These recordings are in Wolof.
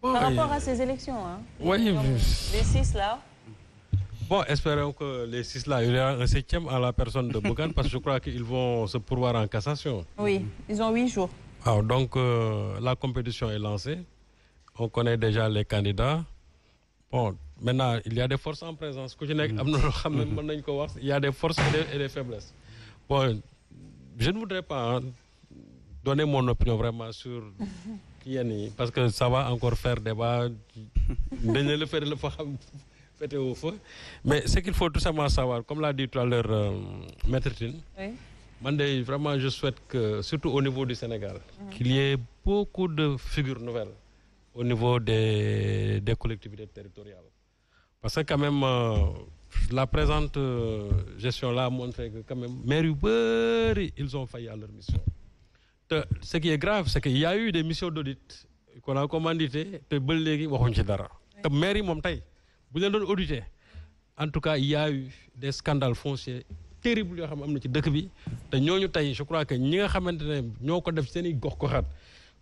Bon, Par rapport à ces élections, Les six là. Bon, espérons que les six là, il y aura un septième à la personne de Bogan parce que je crois qu'ils vont se pourvoir en cassation. Oui, ils ont huit jours. donc, euh, la compétition est lancée. On connaît déjà les candidats. Bon, maintenant, il y a des forces en présence. Il y a des forces et des, et des faiblesses. Bon, je ne voudrais pas donner mon opinion vraiment sur yenn yi parce que ça encore faire débat dañ la faire la fa xam fétéo fa mais ce qu'il faut tout simplement savoir comme l'a dit tout à l'heure euh, vraiment je souhaite que surtout au niveau du Sénégal mm. qu'il y ait beaucoup de figures nouvelles au niveau des des collectivités territoriales parce que quand même euh, la présente euh, gestion là a que quand même maires ils ont failli à leur mission ce qui est grave c'est que y a de des missions d'audit a commandité te ba léegi waxuñ ci dara te maire yi moom tey bu leen doon audité en tout cas il y a eu des scandales fonciers terribles yoo xam am na ci dëkk bi te ñooñu tey je crois que ñi nga xamante ne ñoo ko def seen i gox goxaat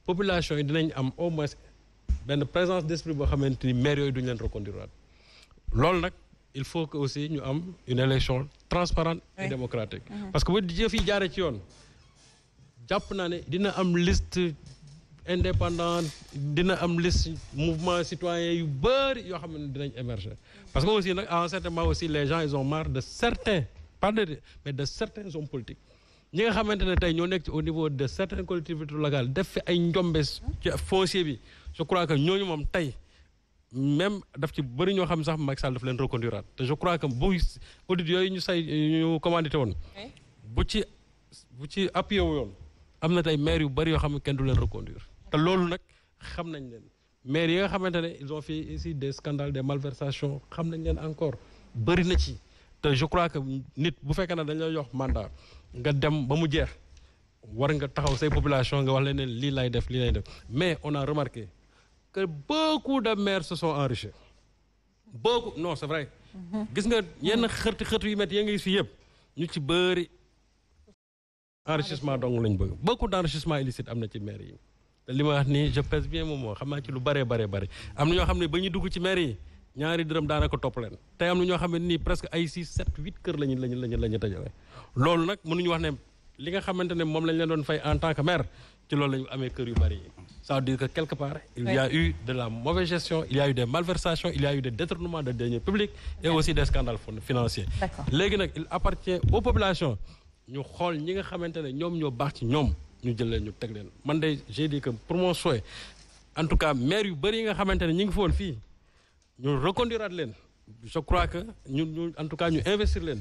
population yi dinañ am au moins benn présence d'esprit boo xamante ni maire yooyu duñ leen reconduiraat loolu nag il faut que aussi ñu am une élection transparente et démocratique mm-hmm. parce que bu jëf yi jaaree ci yoon jàpp naa ne dina am liste indépendante dina am liste mouvement citoyen yu bari yoo xam ne dinañ émerger parce que aussi nag en un certain moment aussi les gens ils de certains pas de mais de certains hommes politiques ñi nga xamante ne tey ñoo nekk ci au niveau de certaines collectivités locales def fi ay njombe ci foncier bi je crois que ñooñu moom tey même def ci bëri ñoo xam sax Macky Sall daf leen reconduiraat te je crois que bu audit yooyu ñu say ñu commandité woon bu ci bu ci appuyé wu yoon am na tey maire yu bëri yoo xam ne kenn du leen reconduire te loolu nag xam nañ leen maire yi nga xamante ne ils ont fait ici des scandales des malversations xam nañ leen encore bëri na ci te je crois que nit bu fekkee ne dañ la jox mandat nga dem ba mu jeex war nga taxaw say population nga wax leen ne lii lay def lii lay def mais on a remarqué que beaucoup de maire se sont enrichis beaucoup non c'est vrai mm-hmm. gis nga yenn xërti xërti yu métti ya ngi si yëpp ñu ci bëri enrichissement dong lañ bëgg beaucoup d' enrichissement illicite am na ci maire yi te li ma wax nii je pèse bien moom moo xam ci lu bare baree bare am na ñoo xam ne ba ñu dugg ci maire yi ñaari dërëm daanaka topp leen tey am na ñoo xam ne nii presque ay 6 7 8 kër lañu lañu lañu la ñu dajale loolu nag mënuñu wax ne li nga xamante ne moom lañ leen doon fay en tant que maire ci loolu la ñu amee kër yu bari yi ça dire quelque part il y a eu de la mauvaise gestion il y a eu des malversations il y a eu des détournements ñu xool ñi nga xamante ne ñoom ñoo baax ci ñoom ñu jël leen ñu teg leen man de j'ai dit que pour mon souhait en tout cas maire yu bëri yi nga xamante ne ñu ngi foon fii ñu reconduiraat leen je crois que ñu ñu en tout cas ñu investir leen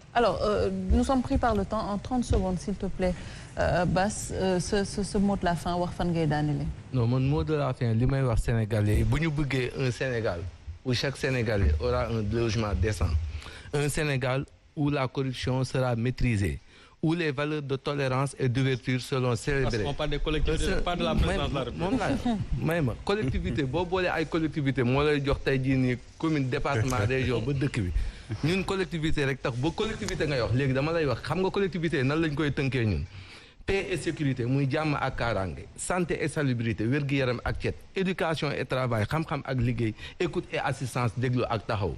alors euh, nous sommes pris par le temps en 30 secondes s'il te plaît euh, euh ce mot de la fin wax fan ngay daanele. non mot de la fin li may wax sénégalais bu ñu bëggee un Sénégal où chaque sénégal aura un logement décent un Sénégal où la corruption sera maîtrisée où les valeurs de tolérance et d'ouverture seront célébrées. parce qu'on parle des collectivités pas de la présidence de la République. moom laa may ma collectivité boo boolee ay collectivité moo lay jox tey jii nii commune département région ba dëkk bi. ñun collectivité rek tax ba collectivité nga wax léegi dama lay wax xam nga collectivité nan lañ koy tënkee ñun paix et sécurité muy jàmm ak kaaraange santé et salubrité wér-gu-yaram ak cet éducation et travail xam-xam ak liggéey écoute et assistance déglu ak taxaw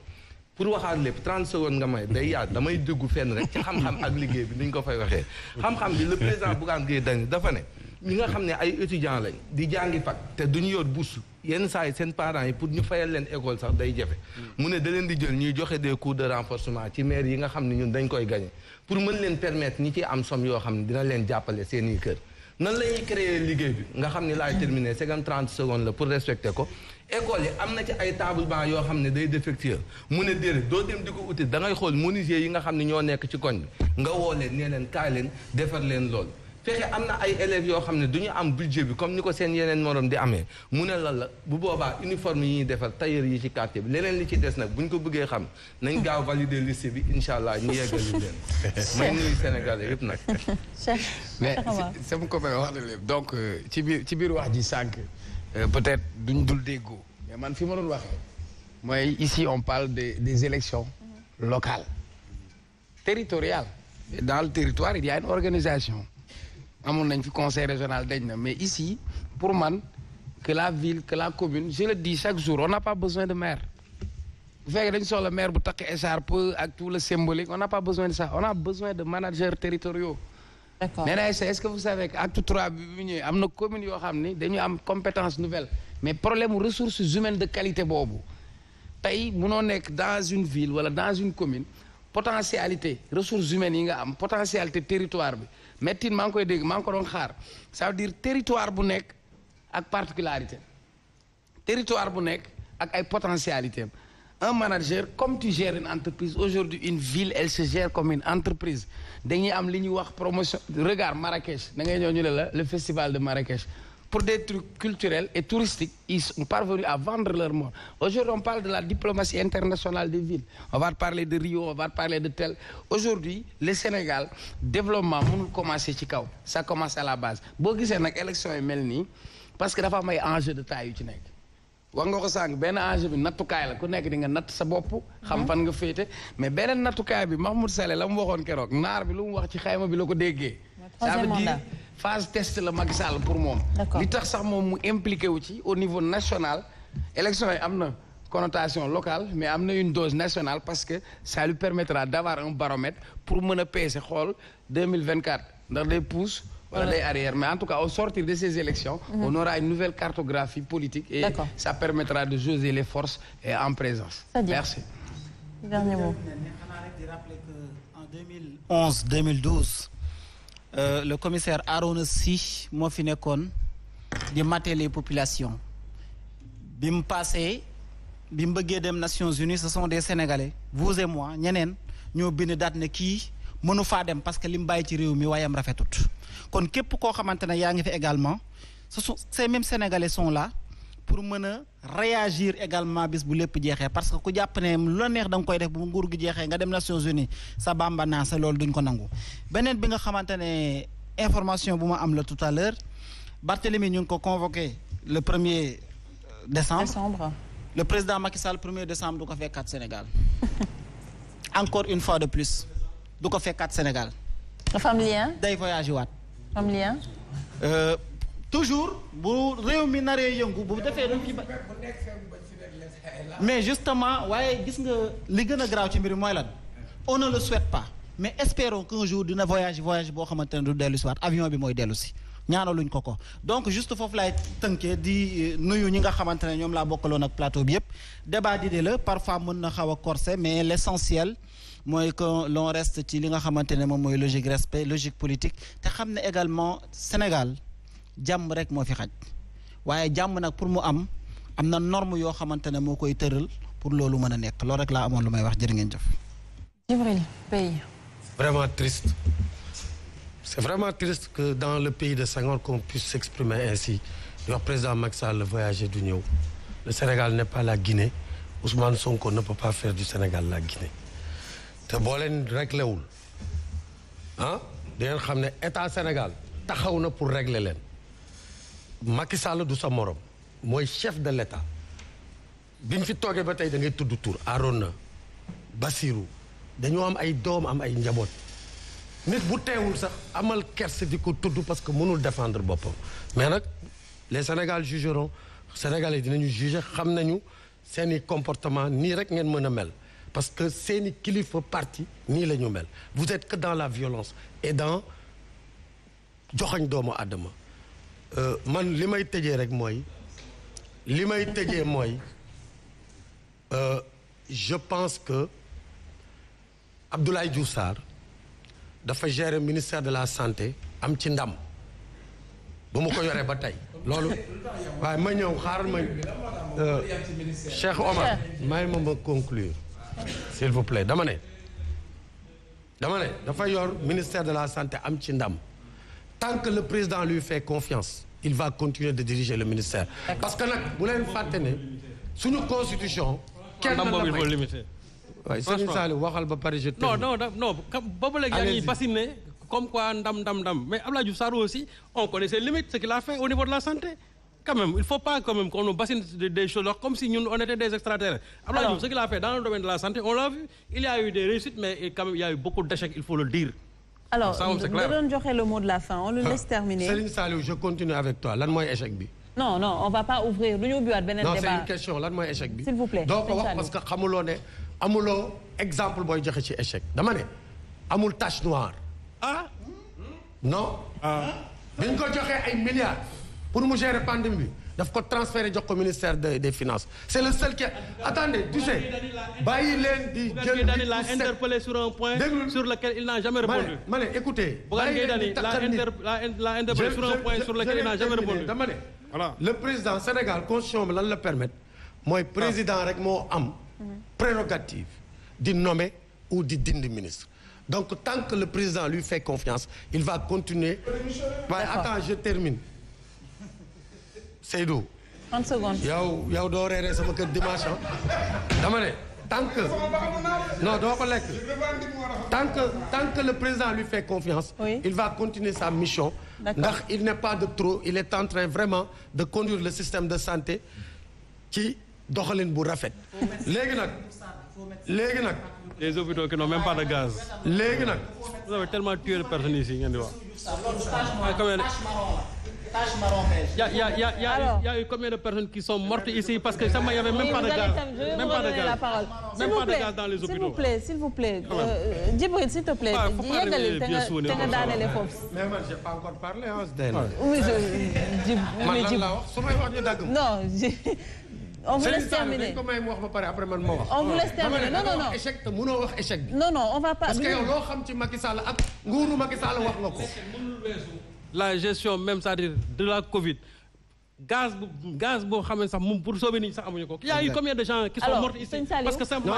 pour waxaat lépp 30 secondes nga may day yaat damay déggu fenn rek ci xam-xam ak liggéey bi ni ñu ko fay waxee xam-xam bi le président Bougane Gueye Dany dafa ne ñi nga xam ne ay étudiants lañ di jàngi fac te du ñu yor bourse yenn saa yi seen parents yi pour ñu fayal leen école sax day jefe mu ne da leen di jël ñuy joxe des cours de renforcement ci yi nga xam ne ñun dañ koy gagné pour mën leen permettre ñi ci am somme yoo xam ne dina leen jàppale seeni kër nan la ñuy créer liggéey bi nga xam ne laay terminé cinquante trente secondes la pour respecter ko école yi am na ci ay table banc yoo xam ne day défectueux mu ne déedéet doo dem di ko uti da xool menuisier yi nga xam ne ñoo nekk ci koñ bi nga woo leen nee leen kaay leen defar leen lool fexe am na ay élèves yoo xam ne du ñu am budget bi comme ni ko seen yeneen morom di amee mu ne lan la bu boobaa uniforme yi ñuy defar tailleur yi ci quartier bi leneen li ci des nag bu ñu ko bëggee xam nañ gaaw valider liste bi incha allah ñu yeggali leen. may nuyu Sénégal yëpp nag. mais ko copain wax na donc euh, ci biir ci biir wax ji sànq euh, peut-être duñ dul déggoo. mais man fi ma doon waxee mooy ici on parle des des élections locales territoriales. dans le territoire il y a organisation. amoon nañ fi conseil régional dañ na mais ici pour man que la ville que la commune je le dis chaque jour on n'a pas besoin de maire bu fekkee dañ soxla maire bu takk écharpe ak tout le symbolique on n'a pas besoin de ça on a besoin de managers territoriaux nee naa est-ce que vous savez que acte trois bi bu ñëwee am na commune yoo xam ni dañu am compétence nouvelle mais problème ressources humaines de qualité boobu mu noo nekk dans une ville wala dans une commune potentialité ressources humaines yi nga am potentialité territoire bi méttiin maa ngi koy dégg maa ngi ko doon xaar ça veut dire territoire bu nekk ak particularité territoire bu nekk ak ay potentialité un manager comme tu gères une entreprise aujourd'hui une ville elle se gère comme une entreprise dañuy am li ñuy wax promotion regarde Marrakech da ngay ñëw ñu ne la le festival de Marrakech pour des trucs culturels et touristiques, ils sont parvenus à vendre leur mort. Aujourd'hui, on parle de la diplomatie internationale de villes. On va parler de Rio, on va parler de tel. Aujourd'hui, le Sénégal, développement, nous commencer Chikao. Ça commence à la base. boo Bogi Sénégal, élection est nii parce que dafa am ay enjeu de taille yu ci nekk. wax nga ko sànq benn enjeu bi nattukaay la ku nekk di nga natt sa bopp. xam fan nga féete mais beneen nattukaay bi Mahmoud Saleh la mu waxoon keroog naar bi lu mu wax ci xayma bi la ko déggee. ça veut dire phase test la Macky pour moom li tax sax moom mu impliqué wu ci au niveau national élection yi am na connotation locale mais am na une dose nationale parce que ça lui permettra d'avoir un baromètre pour mën a peese xool 2024 ndax day pousse wala day arrière tout cas au sortir de ces élections mm -hmm. on aura une nouvelle cartographie politique et ça permettra de jauger les forces et en présence merci dernier mot Euh, le commissaire Arona Sy moo fi nekkoon di mater les populations bi mu passé bi mu bëggee dem Nations Unies ce sont des Sénégalais vous et moi ñeneen ñoo bind daat ne kii mënu faa dem parce que li mu bàyyi ci réew mi waayam rafetut kon képp koo xamante ne yaa ngi fi également ce sont ces mêmes Sénégalais sont là pour mën a réagir également bis bu lépp jeexee parce que ku jàpp ne la neex da nga koy def bu nguur gi jeexee nga dem Nations Unies sa bamba naa sa loolu duñ ko nangu beneen bi nga xamante ne information bu ma am la tout à l'heure Barthélemy ñu ngi ko convoqué le premier euh, décembre décembre le président Macky Sall premier décembre du ko fekkaat Sénégal une fois de plus du ko fekkaat Sénégal. day voyagé waat. toujours bu réew mi naree yëngu bu defee lu ci ba mais justement waaye gis nga li gën a garaaw ci mbir mooy lan on ne le pas mais espérons qu'un jour dina voyage voyage boo xamante ne du dellu si waat avion bi mooy dellu si luñ ko ko donc juste foofu laay tënkee di euh, nuyu ñi nga xamante ne ñoom laa bokkaloon ak plateau bi yëpp débat d'idée la parfois mën na xaw a corsé mais l'essentiel mooy que l'on rest ci li nga xamante ne moom mooy logique respect politique te xam ne également Sénégal jàmm rek moo fi xaj waaye jàmm nag pour mu am am na norme yoo xamante ne moo koy tëral pour loolu mën a nekk loolu rek laa amoon lu may wax jërë ngeen jëf. Djibril Paye. vraiment triste c'est vraiment triste que dans le pays de Senghor qu'on puisse s'exprimer ainsi di wax président Macky Sall le du ñëw Sénégal n'est pas la Guinée Ousmane Sonko ne peut pas faire du Sénégal la Guinée te boo leen réglé wul ah di xam ne état Sénégal taxaw na pour régler leen. Macky Sall du sa morom mooy chef de l'État bi ñu fi toogee ba tey da ngay tudd tur na Basirou dañoo am ay doom am ay njaboot nit bu teewul sax amal kerse di ko tudd parce que mënul défendre boppam mais nag les Sénégal jugeront Sénégalais dinañu juger xam nañu seeni comportement nii rek ngeen mën a mel parce que seeni kilifa parti nii la ñu mel vous êtes que dans la violence et dans joxañ doomu àddama Euh, man li may tëjee rek mooy li may tëjee mooy euh, je pense que Abdoulaye Diouf Sarr dafa gérer ministère de la santé am ci ndam bu mu ko yoree ba tey loolu waaye ma ñëw xaaral ma euh, Cheikh Omar may ma ma conclure s'il vous plaît dama ne dama ne dafa yor ministère de la santé am ci ndam tant que le président lui fait confiance il va continuer de diriger le ministère parce que nag bu leen fàtte ne suñu constitution kenn la may waaye Serigne Saliou waxal ba pare je non non non boobu léegi yaa ngi comme quoi ndam ndam ndam mais Abdoulaye Diouf Sarr aussi on connaît ses ce qu'il a fait au niveau de la santé quand même il faut pas quand même qu'on nous bassine des choses comme si ñun on était des extraterrestres Abdoulaye alors nga doon joxe le mot de la fin on le ah. laisse terminer. Serigne Saliou je continue avec toi lan mooy échec bi. non non on va pas ouvrir du ñu ubbiwaat beneen débat non c'est une question lan mooy échec bi. s'il vous plaît doo ko wax parce que xamuloo ne amuloo exemple booy joxe ci échec. dama ne amul tache noire. ah. non. ah. bi ñu ko joxee ay milliards pour mu gérer pandémie bi. daf ko transféré jox ko ministère des des finances c' le seul qui. attendez tu sais bàyyi di. jël nit la interpellé sur un point. sur lequel il n'a jamais répondu. ma ne écoutez. bàyyi leen di taxal la interpellé sur un point sur lequel il n'a jamais répondu. dama ne le président Sénégal constitution bi lan la permettre mooy ah. président rek moo am. prérogative di nommer ou di dindi ministre. donc tant que le président lui fait confiance il va continuer. waaye attends je termine. Seydou. 30 secondes yow yow doo reeree sama kër dimanche ah. dama ne tant que non doo ko lekk tant que tant le président lui fait confiance. Oui. il va continuer sa mission. ndax il n'est pas de trop il est en train vraiment de conduire le système de santé ci doxalin bu rafet. léegi nag léegi nag. les hôpitaux qui n'ont même pas de gaz. léegi nag. vous avez tellement tué de personnes ici ngeen di wax. tache marron beige. Il y a, y, a, y, a, y, a, y a eu combien de personnes qui sont mortes ici parce que ça, il n'y avait même oui, pas de gaz. Même pas de gaz. La parole. Même pas plaît, de gaz dans les hôpitaux. S'il vous plaît, s'il vous plaît. Ah euh, Djibril, s'il te plaît. Ah, Mais moi, je n'ai pas encore parlé, hein, d'elle. Oui, je. Non, on vous laisse terminer on vous laisse terminer non non non échec te mënoo wax échec bi. non non on va pas. parce que yow loo xam ci Macky Sall ak nguuru Macky Sall wax nga ko. la gestion même cest dire de la Covid gaz bu gaz boo xam ne sax moom pour sauver nit sax amuñu ko. y a eu combien de gens qui sont morts ici parce que simplement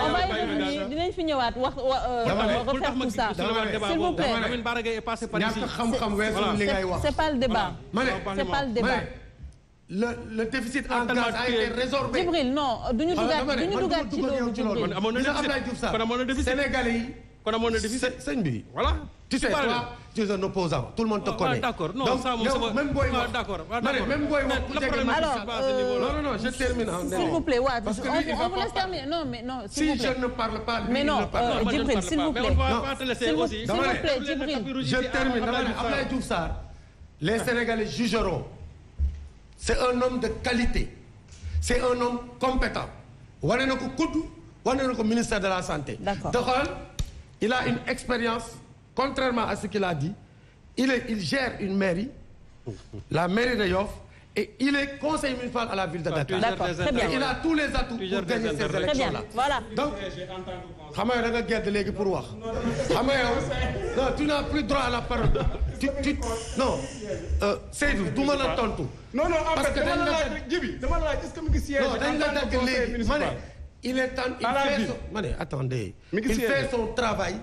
dinañ fi ñëwaat wax euh, refaire tout ça s'il vous plaît Lamine Bara Gaye xam-xam weesu li ngay wax c'est pas le débat. ma ne c'est le déficit en gaz a été résorbé. Djibril non duñu dugaat duñu dugaat ci loolu ci loolu. amoon na déficit kon amoon na déficit Sénégalais yi. kon amoon na tu es un opposant tout le monde te ah, connaît. d'accord non ça moom même booy wax d'accord même booy wax ku jege non non je termine. s'il vous plaît waaw parce que lui il va pas parler non mais non. s'il vous plaît si je ne parle pas lui il ne parle euh, pas. Djibril s'il vous plaît s'il vous plaît Djibril. je termine dama ne Abdoulaye Diouf Sarr. les Sénégalais jugeront. c'est un homme de qualité. c'est un homme compétent. wane na ko kudd wane na ko ministère de la santé. d'accord doxal il a une expérience. contrairement à ce qu'il a dit il est il gère une mairie la mairie de Yoff et il est conseil municipal à la ville de Dakar. D'accord, très bien. Il a tous les atouts pour gagner ces élections-là. Voilà. Donc xam nga da nga gedd léegi pour wax. xam nga yow non tu n'as plus droit à la parole. tu tu non euh, Seydou du ma la tontu. non non en fait dama la laaj rek jibi dama la laaj est-ce que mi ngi siège non dañ la dagg léegi ma ne il est temps il fait son ma ne attendez il fait son travail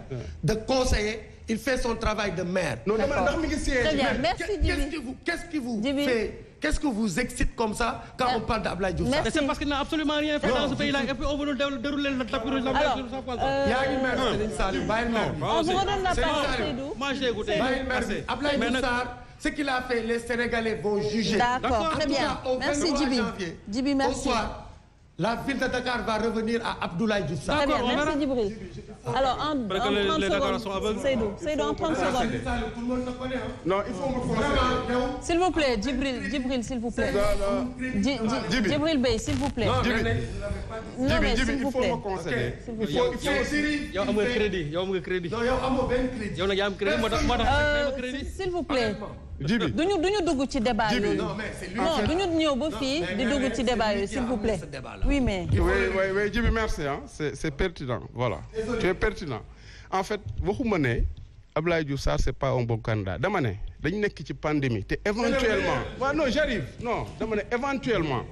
de conseiller il fait son travail de maire. non dama ndax mi ngi siy. merci Djibi qu'est-ce qui vous qu'est-ce qui vous fait. Qu'est-ce qui vous excite comme ça quand euh, on parle d'Abdoulaye Diouf Sarr C'est parce qu'il n'a absolument rien fait dans ce pays-là et puis on veut nous dérouler le tapis rouge. Alors, euh... yaa ngi mer Serigne Saliou bàyyil mer bi. on vous redonne la parole moi j'ai écouté bàyyil mer bi Abdoulaye Diouf Sarr ce qu'il a fait les Sénégalais vont juger. D'accord, très bien merci Djibi Djibi merci. Au soir, La ville de Dakar va revenir à Abdoulaye Diouf Sarr. D'accord, merci Djibril. Alors en, en 30 les, les secondes, Seydou, Seydou, en 30 secondes. Non, il faut me S'il vous plaît, Djibril, Djibril, s'il vous plaît. Djibril Bey, s'il vous plaît. Non, mais s'il vous plaît. Il faut il faut yow am nga crédit, yow am ci débat yooyu. Non, duñu ñëw di dugg ci débat yooyu, s'il vous plaît. 8 mai. oui oui oui Djibi merci ah c'est c'est voilà. tu es en fait waxuma ne Abdoulaye Diouf Sarr c'est pas un bon candidat dama ne dañu nekk ci pandémie te éventuellement. waaw non j'arrive no dama ne éventuellement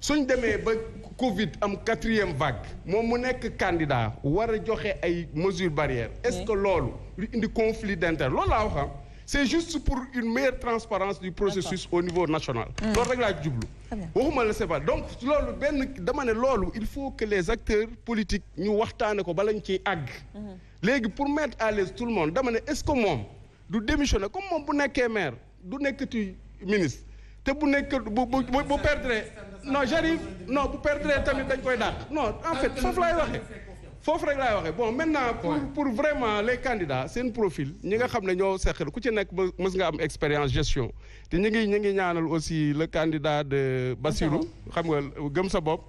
suñ demee ba Covid am quatrième vague moom mu nekk candidat war a joxe ay mesures barrières. est-ce que loolu lu indi conflit d'intérêt loolu laa wax c'est juste pour une meilleure transparence du processus au niveau national mm. loolu rek laa jublu waxuma la c'est donc loolu benn dama ne loolu il faut que les acteurs politiques ñu waxtaane ko bala ñu ciy àgg mm-hmm. léegi pour mettre à l'aise tout le monde dama ne est-ce que moom du démissionner comme moom bu nekkee maire du nekkati ministre te bu nekk bu bu bu perdre non j'arrive no bu perdre tamit dañ koy dàq non en fait foofu laay waxee foofu rek laay waxee bon maintenant pour pour vraiment les candidats seen profil ñi nga xam ne ñoo seqal ku ci nekk mës nga am expérience gestion te ñu ngi ñu ngi ñaanal aussi le candidat de Bassirou xam nga gëm sa bopp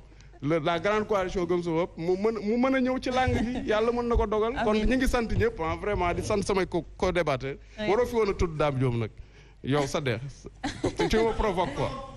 la grande coalition gëm sa bopp mu mën mu mën a ñëw ci langue gi yàlla mën na ko dogal ah kon ñu ngi sant ñëpp vraiment di sant samay co co débatteur waroo fi woon a tudd Dame Diop nag yow sa deex tu me provoques quoi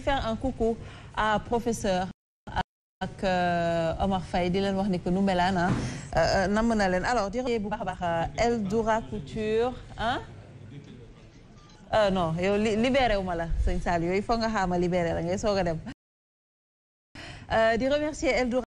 di faire un coucou à professeur ak euh, Omar Faye di leen wax ni que nu mbelaan ah namm na leen alors di bu baax a euh, Couture ah non yow libéré wu ma la sëñ Sall yooyu foog nga xaama libéré la ngay soog a dem di remercier